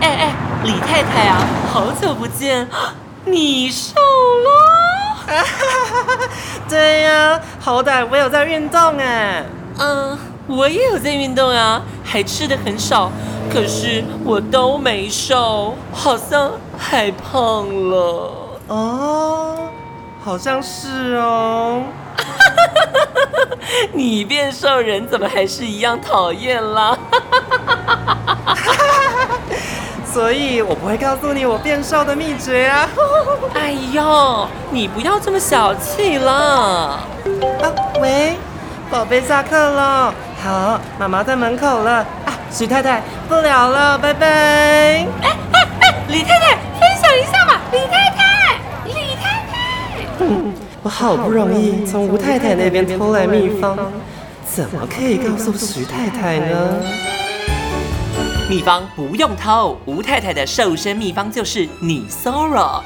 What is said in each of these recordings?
哎哎，李太太啊，好久不見，你瘦囉！ 對呀、啊，好歹我有在運動哎。嗯，我也有在運動啊，還吃得很少，可是我都沒瘦，好像還胖了。哦，好像是哦。 你變瘦，人怎麼還是一樣討厭啦？ 所以我不會告訴你我變瘦的秘訣啊！ 哎呦，你不要這麼小氣了。啊，喂，寶貝，下課了，好，媽媽在門口了。啊，徐太太，不聊了，了，拜拜。哎哎，李太太，分享一下嘛，李太太，李太太。嗯、我好不容易從吳太太，太太那邊偷來秘方，怎麼可以告訴徐太太呢？秘方不用偷，吳太太的瘦身秘方就是 NISORO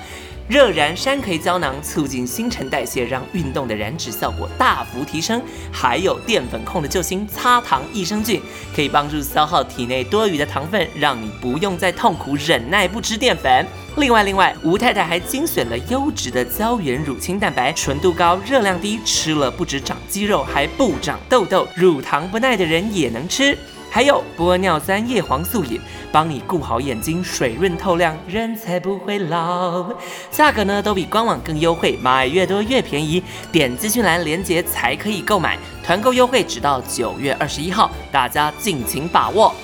熱燃山葵膠囊，促進新陳代謝，讓運動的燃脂效果大幅提升。還有澱粉控的救星，擦糖益生菌，可以幫助消耗體內多餘的糖分，讓你不用再痛苦忍耐不吃澱粉。另外，另外，吳太太還精選了優質的膠原乳清蛋白，純度高，熱量低，吃了不止長肌肉，還不長痘痘，乳糖不耐的人也能吃。還有玻尿酸、葉黃素飲，幫你顧好眼睛，水潤透亮，人才不會老。價格呢都比官網更優惠，買越多越便宜，點擊資訊欄鏈接才可以購買，團購優惠直到九月二十一號，大家敬請把握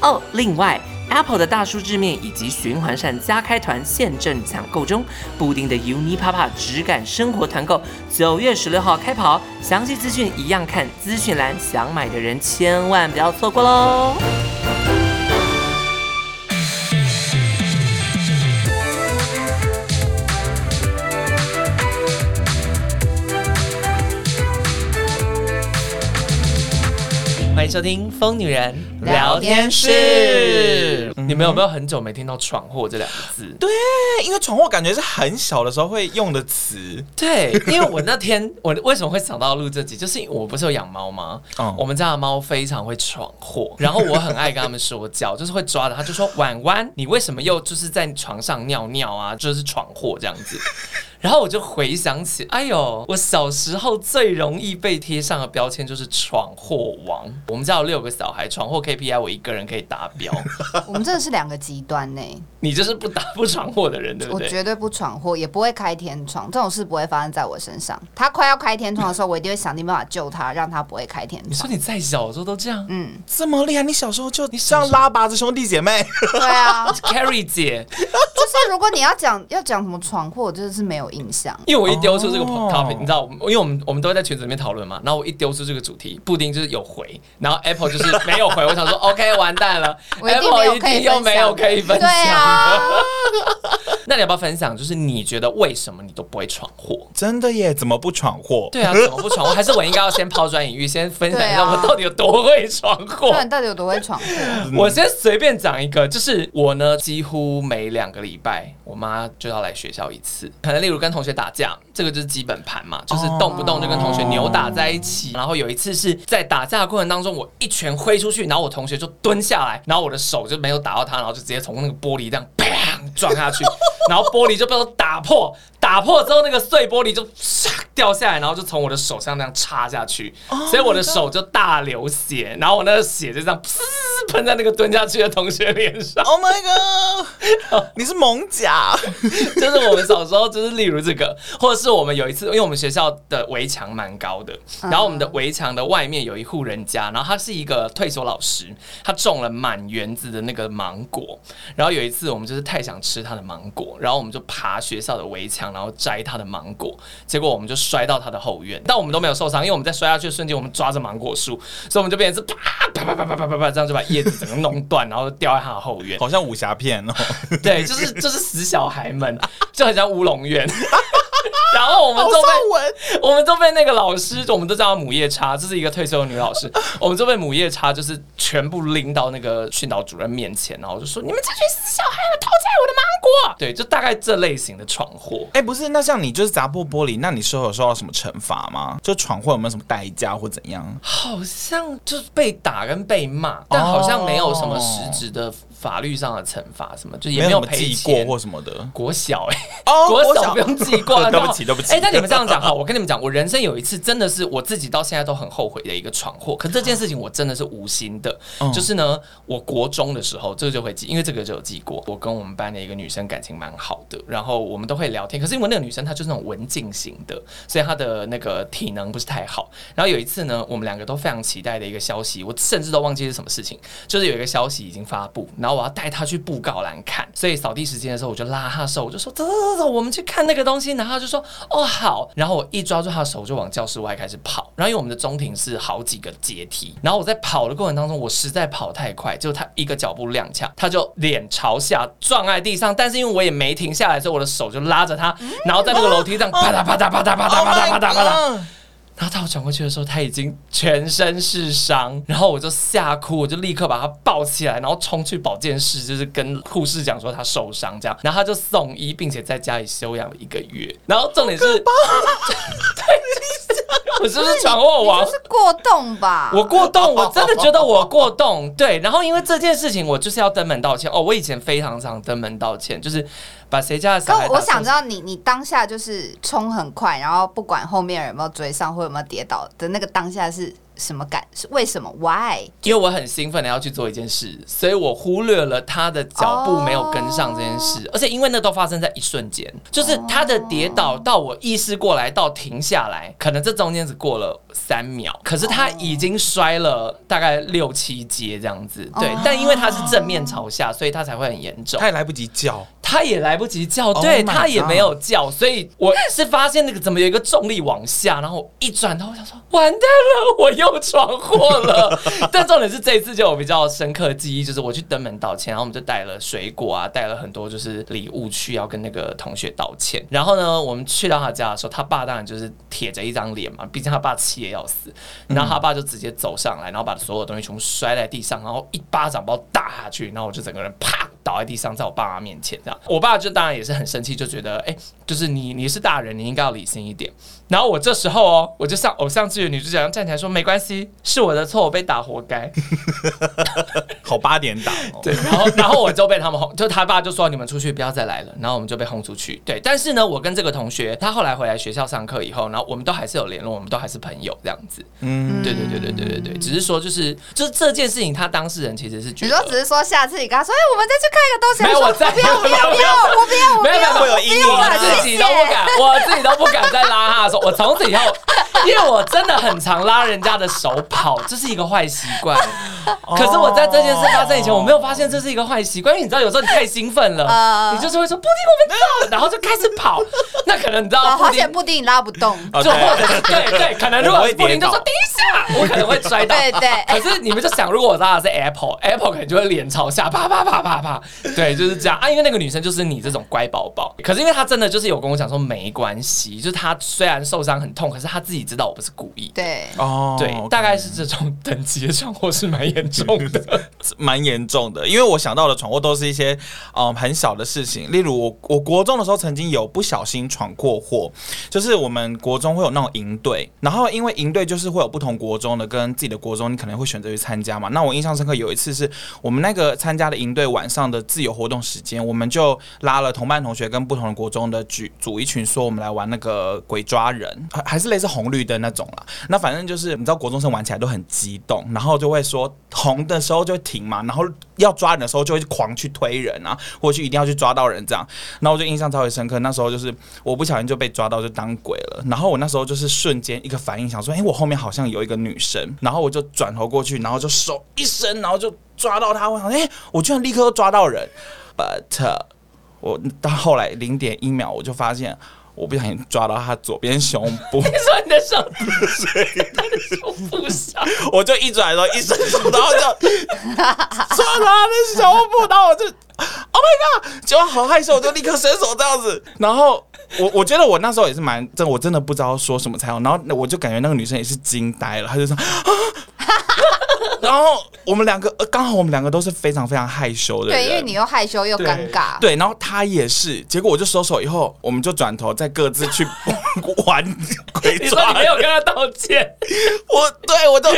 哦。另外。Apple 的大叔製麵以及循環扇加開團現正搶購中，布丁的 UNIPAPA 質感生活團購，九月十六號開跑，詳細資訊一樣看資訊欄，想買的人千萬不要錯過嘍。歡迎收聽《瘋女人聊天室》嗯。你們有沒有很久沒聽到“闖禍”這兩個字？對，因為“闖禍”感覺是很小的時候會用的詞。對，因為我那天 我為什麼會想到錄這集，就是因為我不是有養貓嗎？嗯，我們家的貓非常會闖禍，然後我很愛跟他們說教， 就是會抓著，他就說：“婉婉，你為什麼又就是在床上尿尿啊？”就是闖禍這樣子。 然後我就回想起，哎呦，我小時候最容易被貼上的標籤就是闖禍王。我們家有六個小孩，闖禍 KPI 我一個人可以達標。 我們真的是兩個極端呢、欸。你就是不打不闖禍的人，對不對？我絕對不闖禍，也不會開天窗，這種事不會發生在我身上。他快要開天窗的時候，我一定會想盡辦法救他，讓他不會開天窗。你說你在小時候都這樣，嗯，這麼厲害？你小時候就你是要拉拔子兄弟姐妹？ 對啊，Carrie 姐，就是如果你要講要講什麼闖禍，我真的是沒有。印象，因為我一丟出這個 topic 你知道，因為我們我們都會在群組裡面討論嘛。然後我一丟出這個主題，布丁就是有回，然後 Apple 就是沒有回。 我想說，OK，完蛋了我一，Apple 一定又沒有可以分享。 對啊、 那你要不要分享？就是你覺得為什麼你都不會闖禍？真的耶？怎麼不闖禍？ 對啊，怎麼不闖禍？還是我應該要先拋磚引玉，先分享一下我到底有多會闖禍？那、啊、 你到底有多會闖禍、 嗯？我先隨便講一個，就是我呢，幾乎每兩個禮拜，我媽就要來學校一次。可能例如。跟同學打架，這個就是基本盤嘛，就是動不動就跟同學扭打在一起。Oh. 然後有一次是在打架的過程當中，我一拳揮出去，然後我同學就蹲下來，然後我的手就沒有打到他，然後就直接從那個玻璃這樣啪。 撞下去，然後玻璃就被我打破，打破之後那個碎玻璃就掉下來，然後就從我的手上那樣插下去，oh、所以我的手就大流血，然後我那個血就這樣噴在那個蹲下去的同學臉上。Oh my god！ 你是猛萌甲， 就是我們小時候，就是例如這個，或者是我們有一次，因為我們學校的圍牆蠻高的，然後我們的圍牆的外面有一戶人家，然後他是一個退休老師，他種了滿園子的那個芒果，然後有一次我們就是太想。吃他的芒果，然後我們就爬學校的圍牆，然後摘他的芒果，結果我們就摔到他的後院，但我們都沒有受傷，因為我們在摔下去的瞬間，我們抓着芒果樹，所以我們就變成是啪啪啪啪啪啪啪啪，這樣就把葉子整個弄斷， 然後就掉在他的後院，好像武俠片哦， 對，就是就是死小孩們，就很像烏龍院。 然後我們都被我們都被那個老師，嗯、我們都叫母夜叉，這、就是一個退休的女老師。 我們都被母夜叉就是全部拎到那個訓導主任面前，然後就說：“ 你們這群死小孩、啊，偷摘我的芒果、啊。”對，就大概這類型的闖禍。哎、欸，不是，那像你就是砸破玻璃，那你是有受到什麼懲罰嗎？就闖禍有沒有什麼代價或怎樣？好像就是被打跟被罵，但好像沒有什麼實質的法律上的懲罰什、哦，什麼就也沒有記過或什麼的。國小哎、欸，哦， 國小不用記過。 對不起，對不起。哎、欸，那你們這樣講哈，我跟你們講，我人生有一次真的是我自己到現在都很後悔的一個闖禍，可這件事情我真的是無心的、啊。就是呢，我國中的時候，這個就會記，因為這個就有記過。我跟我們班的一個女生感情蠻好的，然後我們都會聊天。可是因為那個女生她就是那種文靜型的，所以她的那個體能不是太好。然後有一次呢，我們兩個都非常期待的一個消息，我甚至都忘記是什麼事情，就是有一個消息已經發布，然後我要帶她去布告欄看。所以掃地時間的時候，我就拉她手，我就說走走走走，我們去看那個東西。然後。他就說，哦，好，然後我一抓住他的手就往教室外開始跑，然後因為我們的中庭是好幾個階梯，然後我在跑的過程當中，我實在跑太快，就他一個腳步踉蹌，他就臉朝下撞在地上，但是因為我也沒停下來，所以我的手就拉着他，嗯，然後在那個樓梯上，哦，啪嗒啪嗒啪嗒啪嗒啪嗒啪嗒啪嗒。Oh 然後到我轉過去的時候，他已經全身是傷，然後我就嚇哭，我就立刻把他抱起來，然後衝去保健室，就是跟護士講說他受傷這樣，然後他就送醫，並且在家裡休養了一個月。然後重點是， 等一下 我 就是闖你禍，我 就是過動吧。 我過動，我真的覺得我過動。對，然後因為這件事情，我就是要登門道歉。哦，我以前非常常登門道歉，就是把誰家的傷可，我想知道你，你你當下就是衝很快，然後不管後面有沒有追上，或有沒有跌倒的那個當下是，什麼感是為什麼？Why？因為我很興奮的要去做一件事，所以我忽略了他的腳步沒有跟上這件事，oh，而且因為那都發生在一瞬間，就是他的跌倒到我意識過來到停下來，可能這中間只過了三秒，可是他已經摔了大概六七階這樣子。對，oh，但因為他是正面朝下，所以他才會很嚴重，他也來不及叫。他也來不及叫，對、oh、他也沒有叫，所以我是發現那個怎麼有一個重力往下，然後一轉頭我想說完蛋了，我又闖禍了。 但重點是這一次就有比較深刻的記憶，就是我去登門道歉，然後我們就帶了水果啊，帶了很多就是禮物去要跟那個同學道歉。然後呢，我們去到他家的時候，他爸當然就是鐵着一張臉嘛，畢竟他爸氣得要死。然後他爸就直接走上來，然後把所有東西全部摔在地上，然後一巴掌把我打下去，然後我就整個人啪。倒在地上，在我爸媽面前這樣，我爸就當然也是很生氣，就覺得，哎、欸，就是你你是大人，你應該要理性一點。然後我這時候哦，我就像偶像劇女主角一樣站起來說：“沒關係，是我的錯，我被打活該。 ”好，八點打哦。對，然後然後我就被他們轟，就他爸就說：“你們出去不要再來了。”然後我們就被轟出去。對，但是呢，我跟這個同學，他後來回來學校上課以後，然後我們都還是有聯絡，我們都還是朋友這樣子。嗯，對對對對對對對，只是說就是就是這件事情，他當事人其實是覺得，你說只是說下次你跟他說：“哎，我們再去看一個東西。沒” 沒有，我不要，不要，不要，我不要，沒有沒有沒有，不用了，自己都不敢， 我自己都不敢再拉他、啊、說。 我從此以後，因為我真的很常拉人家的手跑，這是一個壞習慣。 可是我在這件事發生以前，我沒有發現這是一個壞習慣。因為你知道，有時候你太興奮了、呃，你就是會說布丁我們走，然後就開始跑。那可能你知道，布丁、呃、好布丁你拉不動，就對對，可能如果布丁就說等一下我，我可能會摔倒。對對。可是你們就想，如果我拉的是 Apple，Apple Apple 可能就會臉朝下啪，啪啪啪啪啪，對，就是這樣啊。因為那個女生就是你這種乖寶寶。可是因為她真的就是有跟我講說沒關係，就是她雖然說。受傷很痛，可是他自己知道我不是故意。對，哦，對，大概是這種等級的闖禍是蠻嚴重的，蠻 嚴重的。因為我想到的闖禍都是一些，嗯、呃，很小的事情。例如我，我我國中的時候曾經有不小心闖過禍，就是我們國中會有那種營隊，然後因為營隊就是會有不同國中的跟自己的國中，你可能會選擇去參加嘛。那我印象深刻有一次是我們那個參加的營隊晚上的自由活動時間，我們就拉了同班同學跟不同的國中的舉組一群，說我們來玩那個鬼抓人。人還還是類似紅綠燈那種啦，那反正就是你知道，國中生玩起來都很激動，然後就會說紅的時候就會停嘛，然後要抓人的時候就會狂去推人啊，或者就一定要去抓到人這樣。然後我就印象超級深刻，那時候就是我不小心就被抓到就當鬼了，然後我那時候就是瞬間一個反應，想說哎、欸，我後面好像有一個女生，然後我就轉頭過去，然後就手一伸，然後就抓到她，我想哎、欸，我居然立刻抓到人，but 我到後來零點一秒我就發現。我不小心抓到他左邊胸部，你說你的手在他的胸部上，我就一轉頭一伸手，然後就 抓到她的胸部，然後我就 Oh my god，就好害羞，我就立刻伸手這樣子，然後我我覺得我那時候也是蠻真，我真的不知道說什麼才好，然後我就感覺那個女生也是驚呆了，她就說。啊 然後我們兩個剛好，我們兩個都是非常非常害羞的人。對，因為你又害羞又尷尬。對，對然後他也是，結果我就收手以後，我們就轉頭再各自去 玩鬼抓。你說你沒有跟他道歉？ 我對我都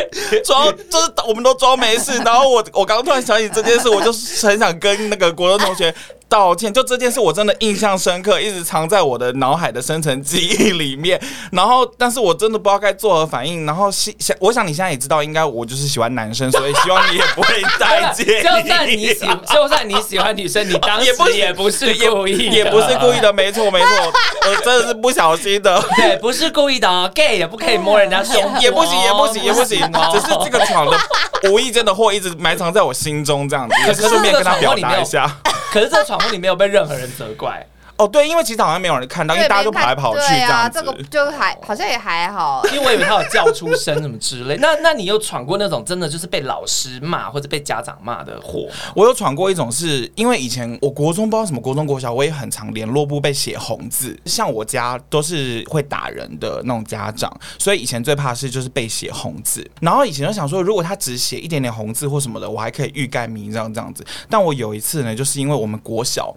裝，就是我們都裝沒事。 然後我我剛突然想起這件事，我就很想跟那個國中同學。 道歉，就這件事，我真的印象深刻，一直藏在我的腦海的深層記憶裡面。然後，但是我真的不知道該作何反應。然後，想我想你現在也知道，應該我就是喜歡男生，所以希望你也不會再見。 就算你喜，就算你喜歡女生， 你當時也不是，也不是，也不是故意，也不是故意的，沒錯沒錯、呃，我真的是不小心的，對，不是故意的。gay 也不可以摸人家胸，也不行也不行也不行 只是這個闖的無意間的禍一直埋藏在我心中這樣子，就是順便跟他表達一下。可是這個闖然 後你沒有被任何人責怪。哦，對，因為其實好像沒有人看到，因為大家都跑來跑去這樣、啊。這個就還好像也還好， 因為我以為他有叫出聲什麼之類。那那你有闖過那種真的就是被老師罵或者被家長罵的禍？我有闖過一種是，是因為以前我國中不知道什麼國中國小，我也很常聯絡簿被寫紅字。像我家都是會打人的那種家長，所以以前最怕的是就是被寫紅字。然後以前就想說，如果他只寫一點點紅字或什麼的，我還可以欲蓋彌彰這樣子。但我有一次呢，就是因為我們國小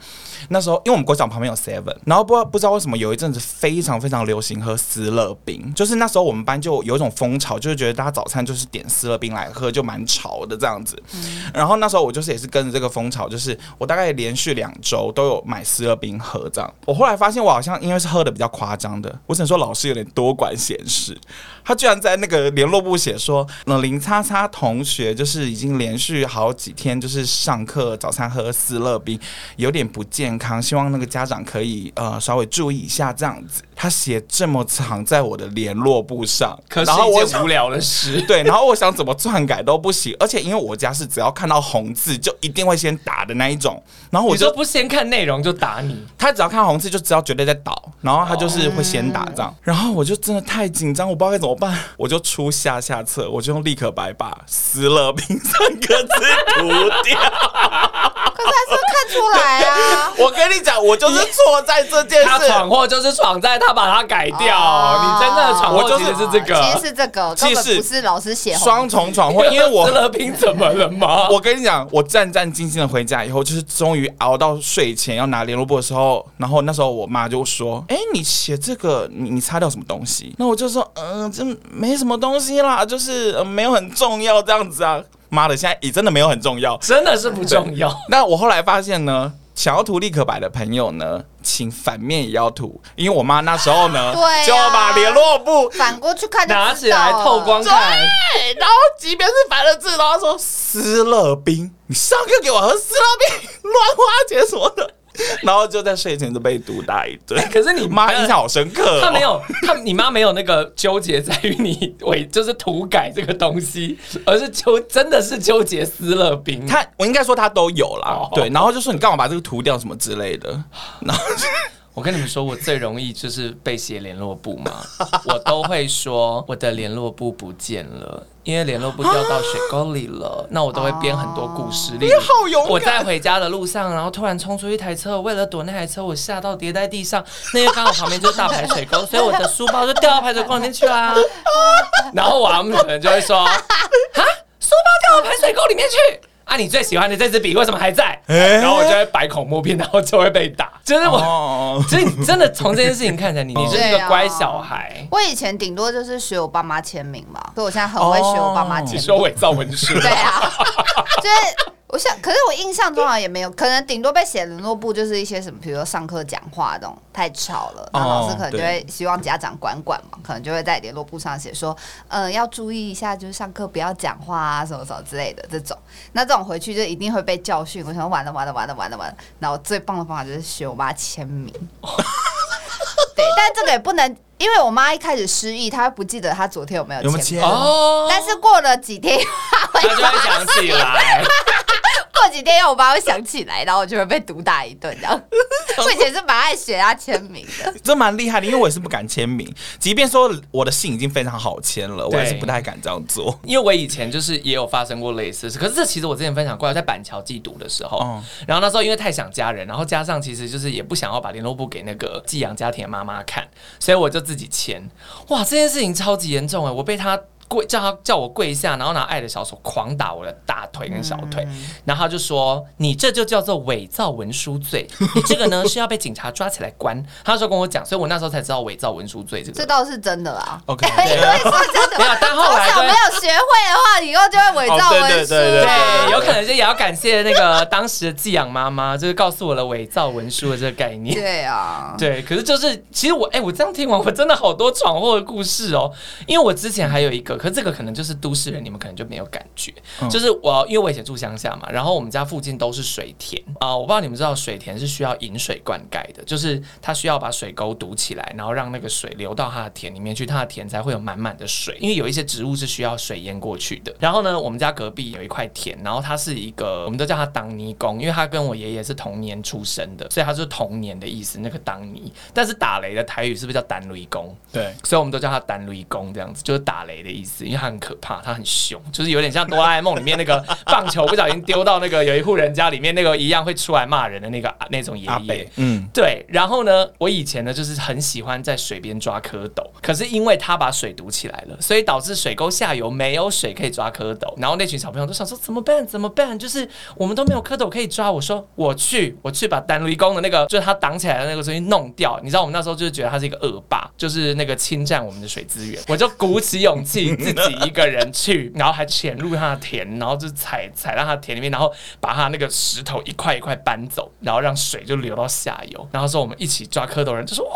那時候，因為我們國小旁邊 Seven，然後不不知道為什麼有一陣子非常非常流行喝思樂冰，就是那時候我們班就有一種風潮，就是覺得大家早餐就是點思樂冰來喝，就蠻潮的這樣子、嗯。然後那時候我就是也是跟着這個風潮，就是我大概連續兩周都有買思樂冰喝，這樣。我後來發現我好像因為是喝的比較誇張的，我只能說老師有點多管閒事，他居然在那個聯絡簿寫說，那林叉叉同學就是已經連續好幾天就是上課早餐喝思樂冰，有點不健康，希望那個家長。可以呃，稍微注意一下這樣子。他寫這麼長在我的聯絡簿上，可是一件無聊的事。對，然後我想怎麼篡改都不行。而且因為我家是只要看到紅字就一定會先打的那一種，然後我就不先看內容就打你。他只要看紅字就知道絕對在倒，然後他就是會先打仗。哦、然後我就真的太緊張，我不知道該怎麼辦，我就出下下策，我就用立可白把“死了”這三個字塗掉。 看出來啊！ 我跟你講，我就是錯在這件事。 他闖禍就是闖在他，他把他改掉。哦、你真正的闖禍，就是這個，其實是這個，其實不是老師寫。雙重闖禍，因為我樂 平怎麼了嗎？ 我跟你講，我戰戰兢兢的回家以後，就是終於熬到睡前要拿聯絡簿的時候，然後那時候我媽就說：“哎、欸，你寫這個，你你擦掉什麼東西？”那我就說：“嗯、呃，這沒什麼東西啦，就是、呃、沒有很重要這樣子啊。”媽的，現在也真的沒有很重要，真的是不重要。 那我後來發現呢，想要塗立可白的朋友呢，請反面也要塗，因為我媽那時候呢，啊對啊、就把聯絡簿反過去看，拿起來透光看，對然後即便是反了字都，然後說思樂冰，你上課給我喝思樂冰亂花錢什麼的。 然後就在睡前就被毒打一頓。可是你媽印象好深刻哦，她沒有，她你媽沒有那個糾結在於你為就是塗改這個東西，而是糾真的是糾結撕了餅。她，我應該說她都有啦，對，然後就說你幹嘛把這個塗掉什麼之類的，然後。 我跟你們說，我最容易就是被寫聯絡簿嘛， 我都會說我的聯絡簿不見了，因為聯絡簿掉到水溝裡了。那我都會編很多故事，你好勇敢！我在回家的路上，然後突然衝出一台車，我為了躲那台車，我嚇到跌在地上。那些、個、剛好旁邊就是大排水溝，所以我的書包就掉到排水溝裡面去啦、啊。 然後我們可能就會說：啊，書包掉到排水溝裡面去。那、啊、你最喜歡的這支筆為什麼還在？欸、然後我就會百口莫辯，然後就會被打。就是我，所、哦、以真的從這件事情看起來，你、哦、你是一個乖小孩。我以前頂多就是學我爸媽簽名嘛，所以我現在很會學我爸媽簽名，哦、你說偽造文書。 對啊， 就是。我想，可是我印象中好像也沒有，可能頂多被寫聯絡簿就是一些什麼，比如說上課講話這種太吵了，然、oh, 後老師可能就會希望家長管管嘛，可能就會在聯絡簿上寫說，嗯，要注意一下，就是上課不要講話啊，什麼什麼之類的這種。那這種回去就一定會被教訓。我想完了，完了完了完了完了完了。然後最棒的方法就是學我媽簽名。 對，但這個也不能，因為我媽一開始失憶，她會不記得她昨天有沒有簽、嗯。哦。但是過了幾天，她就會想起來。 過幾天要我爸會想起來，然後我就會被毒打一頓，這樣。我以前是蠻愛寫他簽名的， 這蠻厲害的，因為我也是不敢簽名，即便說我的姓已經非常好簽了，我還是不太敢這樣做。因為我以前就是也有發生過類似的事，可是這其實我之前分享過，在板橋寄讀的時候、嗯，然後那時候因為太想家人，然後加上其實就是也不想要把聯絡簿給那個寄養家庭的媽媽看，所以我就自己簽。哇，這件事情超級嚴重哎、欸，我被他。跪，叫他叫我跪下，然後拿愛的小手狂打我的大腿跟小腿，嗯、然後他就說，你這就叫做偽造文書罪，你這個呢 是要被警察抓起來關。他說跟我講，所以我那時候才知道偽造文書罪這個，這倒是真的啦。OK，因、哎啊啊啊啊啊啊、但後來沒有學會的話，以後就會偽造文書、啊哦。對對對，有可能是也要感謝那個當時的寄養媽媽，就是告訴我的偽造文書的這個概念。對啊，對。可是就是其實我哎，我這樣聽完我真的好多闖禍的故事哦，因為我之前還有一個。可是這個可能就是都市人，你們可能就沒有感覺。嗯、就是我，因為我以前住鄉下嘛，然後我們家附近都是水田啊。我不知道你們知道，水田是需要引水灌溉的，就是它需要把水溝堵起來，然後讓那個水流到它的田裡面去，它的田才會有滿滿的水。因為有一些植物是需要水淹過去的。然後呢，我們家隔壁有一塊田，然後它是一個，我們都叫它擋泥工，因為它跟我爺爺是同年出生的，所以它就是同年的意思。那個擋泥，但是打雷的台語是不是叫單雷公？對，所以我們都叫它單雷公，這樣子就是打雷的意思。因為他很可怕，他很兇，就是有點像哆啦 A 夢裡面那個棒球不小心丟到那個有一戶人家裡面那個一樣會出來罵人的那個那種爺爺。嗯，對。然後呢，我以前呢就是很喜歡在水邊抓蝌蚪，可是因為他把水堵起來了，所以導致水溝下游沒有水可以抓蝌蚪。然後那群小朋友都想說怎麼辦？怎麼辦？就是我們都沒有蝌蚪可以抓。我說我去，我去把單泥工的那個就是他擋起來的那個東西弄掉。你知道我們那時候就覺得他是一個惡霸，就是那個侵佔我們的水資源。我就鼓起勇氣。 自己一個人去，然後還潛入他的田，然後就踩，踩到他的田裡面，然後把他那個石頭一塊一塊搬走，然後讓水就流到下游。然後說我們一起抓蝌蚪。人，人就說哇，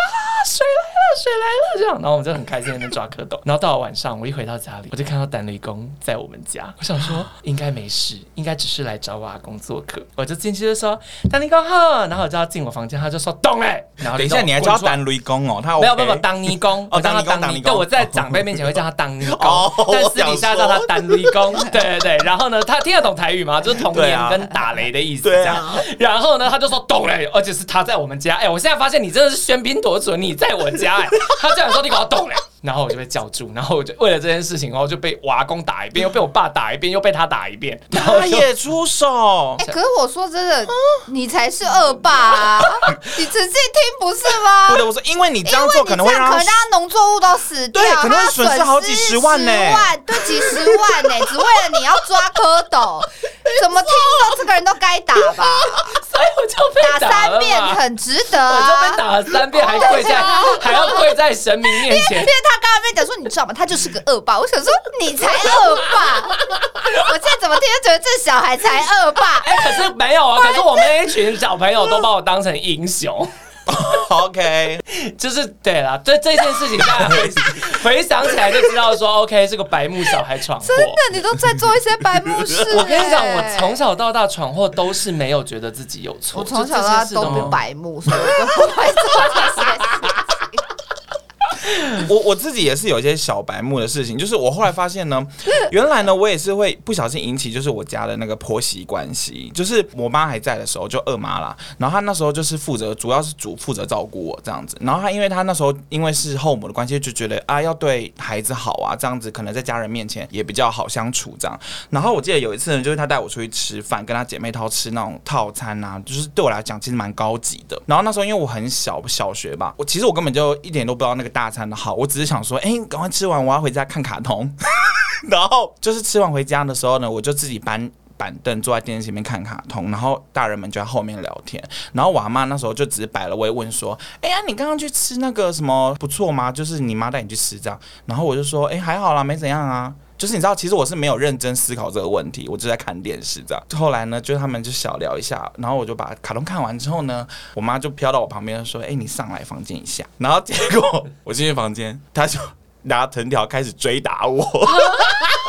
水來了。水來，然後我們就很開心在抓蝌蚪。 然後到了晚上，我一回到家裡，我就看到丹雷公在我們家。我想說應該沒事，應該只是來找阿公做客。我就進去就說丹雷公好。然後我就要進我房間，他就說咚了，然後等一下你、喔、你還叫丹雷公、喔 OK、不不不丹公哦？公我他沒有辦法丹尼公哦，當他丹尼。但我在長輩面前會叫他丹尼公、哦，但私底下叫他丹雷公。對對對。然後呢，他聽得懂台語嗎？就是童年跟打雷的意思、啊、這樣。然後呢，他就說咚了、啊、而且是他在我們家。哎、欸，我現在發現你真的是喧賓奪主，你在我家。.他這樣說，你搞不懂了。然後我就被叫住，然後我就為了這件事情，然後我就被外公打一遍，又被我爸打一遍，又被他打一遍，然後他也出手。哎、欸，可是我說真的，嗯、你才是惡霸、啊， 你仔細聽不是嗎？不對，我說因為你這樣做可能會讓可能讓農作物都死掉，對，可能會損失好幾十萬呢、欸，對，幾十萬呢、欸， 只為了你要抓蝌蚪， 怎麼聽說這個人都該打吧？ 所以我就被打三遍，很值得，我都被打了三遍，還跪在 還要跪在神明面前。 他剛剛沒講說，你知道嗎？他就是個惡霸。我想說，你才惡霸！我現在怎麼天天覺得這小孩才惡霸？哎、欸，可是沒有啊！可是我們一群小朋友都把我當成英雄。 OK，就是對了。對啦，對，這件事情，大家回想起來就知道說 ，OK，是個白目小孩闖禍。真的，你都在做一些白目事、欸。我跟你講，我從小到大闖禍都是沒有覺得自己有錯。我從小到大都不白目，所以我都不會做這些事。 我我自己也是有一些小白目的事情，就是我後來發現呢，原來呢我也是會不小心引起就是我家的那個婆媳關係，就是我媽還在的時候就二媽啦，然後她那時候就是負責主要是主負責照顧我這樣子，然後她因為她那時候因為是後母的關係，就覺得啊要對孩子好啊這樣子，可能在家人面前也比較好相處這樣。然後我記得有一次呢，就是她帶我出去吃飯，跟她姐妹淘吃那種套餐啊，就是對我來講其實蠻高級的。然後那時候因為我很小，小學吧，我其實我根本就一點都不知道那個大，看的好，我只是想說，哎、欸，趕快吃完，我要回家看卡通。 然後就是吃完回家的時候呢，我就自己搬板凳坐在電視前面看卡通，然後大人們就在後面聊天。然後我阿嬤那時候就只是擺了威問說，哎、欸、呀、啊，你剛剛去吃那個什麼不錯嗎？就是你媽帶你去吃這樣。然後我就說，哎、欸，還好啦，沒怎樣啊。就是你知道，其實我是沒有認真思考這個問題，我就在看電視這樣。後來呢，就他們就小聊一下，然後我就把卡通看完之後呢，我媽就飄到我旁邊說：“哎，你上來房間一下。”然後結果我進去房間，她就拿藤條開始追打我。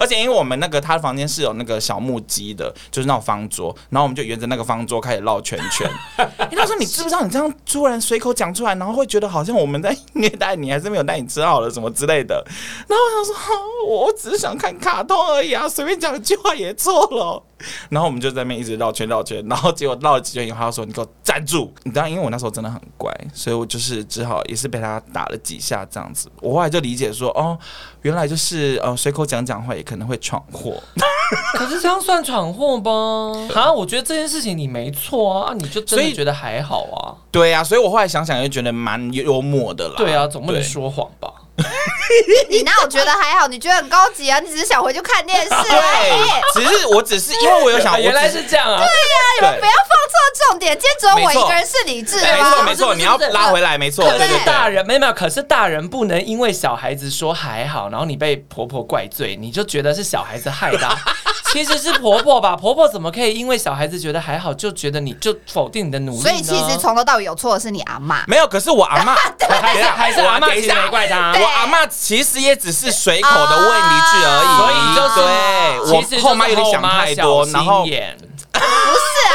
而且因為我們那個他的房間是有那個小木機的，就是那種方桌，然後我們就沿着那個方桌開始繞圈圈。他 說、欸：“你知不知道你這樣突然隨口講出來，然後會覺得好像我們在虐待你，還是沒有帶你吃好了什麼之類的？”然後他說：“我只是想看卡通而已啊，隨便講一句話也錯了。” 然後我們就在那邊一直繞圈繞圈，然後結果繞了幾圈以後，他說：“你給我站住！”你知道因為我那時候真的很乖，所以我就是只好也是被他打了幾下這樣子。我後來就理解說：“哦，原來就是呃隨口講講話也可能會闖禍。”可是這樣算闖禍吧？蛤，我覺得這件事情你沒錯啊，你就真的覺得還好啊。對啊，所以我後來想想又覺得蠻幽默的啦。對啊，總不能說謊吧？你哪有覺得還好，你覺得很高級啊？你只是想回去看電視而、啊、已、哎。只是我只是因為我有想，原來是這樣啊！對呀、啊，你們不要放錯重點，今天只有我一個人是理智嗎？沒錯，沒錯，你要拉回來，沒錯。可是大人沒有沒有，可是大人不能因為小孩子說還好，然後你被婆婆怪罪，你就覺得是小孩子害的、啊。 其實是婆婆吧？婆婆怎麼可以因為小孩子覺得還好，就覺得你就否定你的努力？所以其實從頭到尾有錯的是你阿嬤。沒有，可是我阿嬤， 還是還是阿嬤一直沒怪他。我阿嬤。其實也只是隨口的問一句而已，所以對，oh, 對就是、對後我後媽有點想太多，然後不是啊，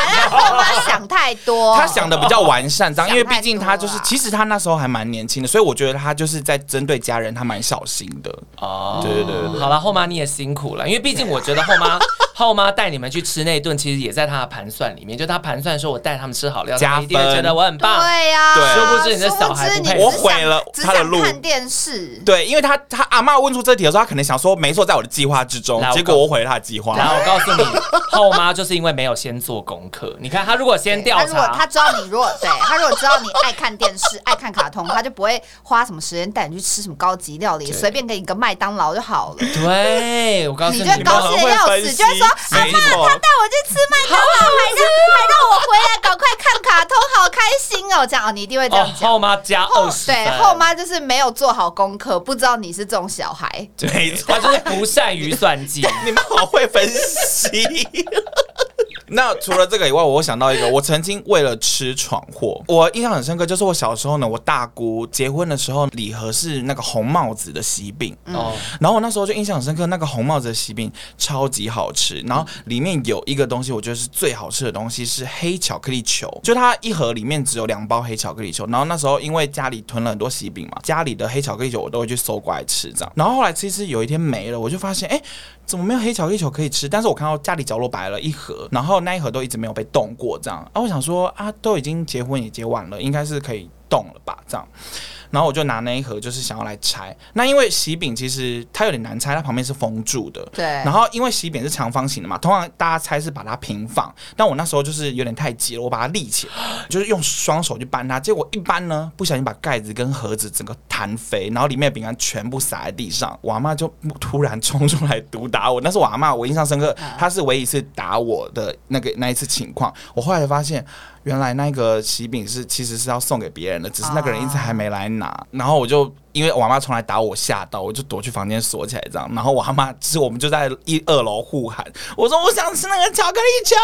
因 然後媽 想太多，他想的比較完善這樣，因為畢竟他就是，其實他那時候還蠻年輕的，所以我覺得他就是在針對家人，他蠻小心的。哦、oh.，對對對，好啦，後媽你也辛苦了，因為畢竟我覺得後媽。 後媽帶你們去吃那頓，其實也在她的盤算裡面。就她盤算說，我帶他們吃好料，加分，我覺得我很棒。對呀、啊，對，殊不知你的小孩不配不你，我毀了他的路。看電視，對，因為他他阿媽問出這題的時候，他可能想說，沒錯，在我的計劃之中。結果我毀了他的計劃。然後我告訴你，後 媽就是因為沒有先做功課。你看她如果先調查，如果她知道你如果對她如果知道你愛看電視、 愛看卡通，她就不會花什麼時間帶你去吃什麼高級料理，隨便給你一個麥當勞就好了。對，嗯、我告訴你們，你就高興的要死，就。媽媽，他帶我去吃麥當勞，哦、還讓還讓我回來趕快看卡通，好開心哦！這樣哦，你一定會這樣講、哦。後媽加二十，對，後媽就是沒有做好功課，不知道你是這種小孩，對，他 就是不善於算計， 你們好會分析。 那除了這個以外，我想到一個，我曾經為了吃闖禍。我印象很深刻，就是我小時候呢，我大姑結婚的時候，禮盒是那個紅帽子的喜餅。哦、嗯，然後我那時候就印象很深刻，那個紅帽子的喜餅超級好吃。然後裡面有一個東西，我覺得是最好吃的東西是黑巧克力球，就它一盒裡面只有兩包黑巧克力球。然後那時候因為家裡囤了很多喜餅嘛，家裡的黑巧克力球我都會去搜過來吃，這樣。然後後來其實有一天沒了，我就發現，哎、欸。怎麼沒有黑巧球，黑巧克力球可以吃？但是我看到家裡角落擺了一盒，然後那一盒都一直沒有被動過，這樣啊，我想說啊，都已經結婚也結完了，應該是可以動了吧，這樣。然後我就拿那一盒，就是想要來拆。那因為喜餅其實它有點難拆，它旁邊是封住的。對。然後因為喜餅是長方形的嘛，通常大家拆是把它平放。但我那時候就是有點太急了，我把它立起來，就是用雙手去扳它。結果一扳呢，不小心把蓋子跟盒子整個彈飛，然後裡面的餅乾全部撒在地上。我阿嬤就突然衝出來毒打我。那是我阿嬤，我印象深刻，她是唯一一次打我的那個那一次情況。我後來才發現。原來那個喜餅是，其實是要送給別人的，只是那個人一直還沒來拿，啊啊，然後我就。因為我媽媽從來打我嚇到，我就躲去房間鎖起來這樣。然後我阿嬤，其實我們就在一二樓呼喊，我說我想吃那個巧克力球。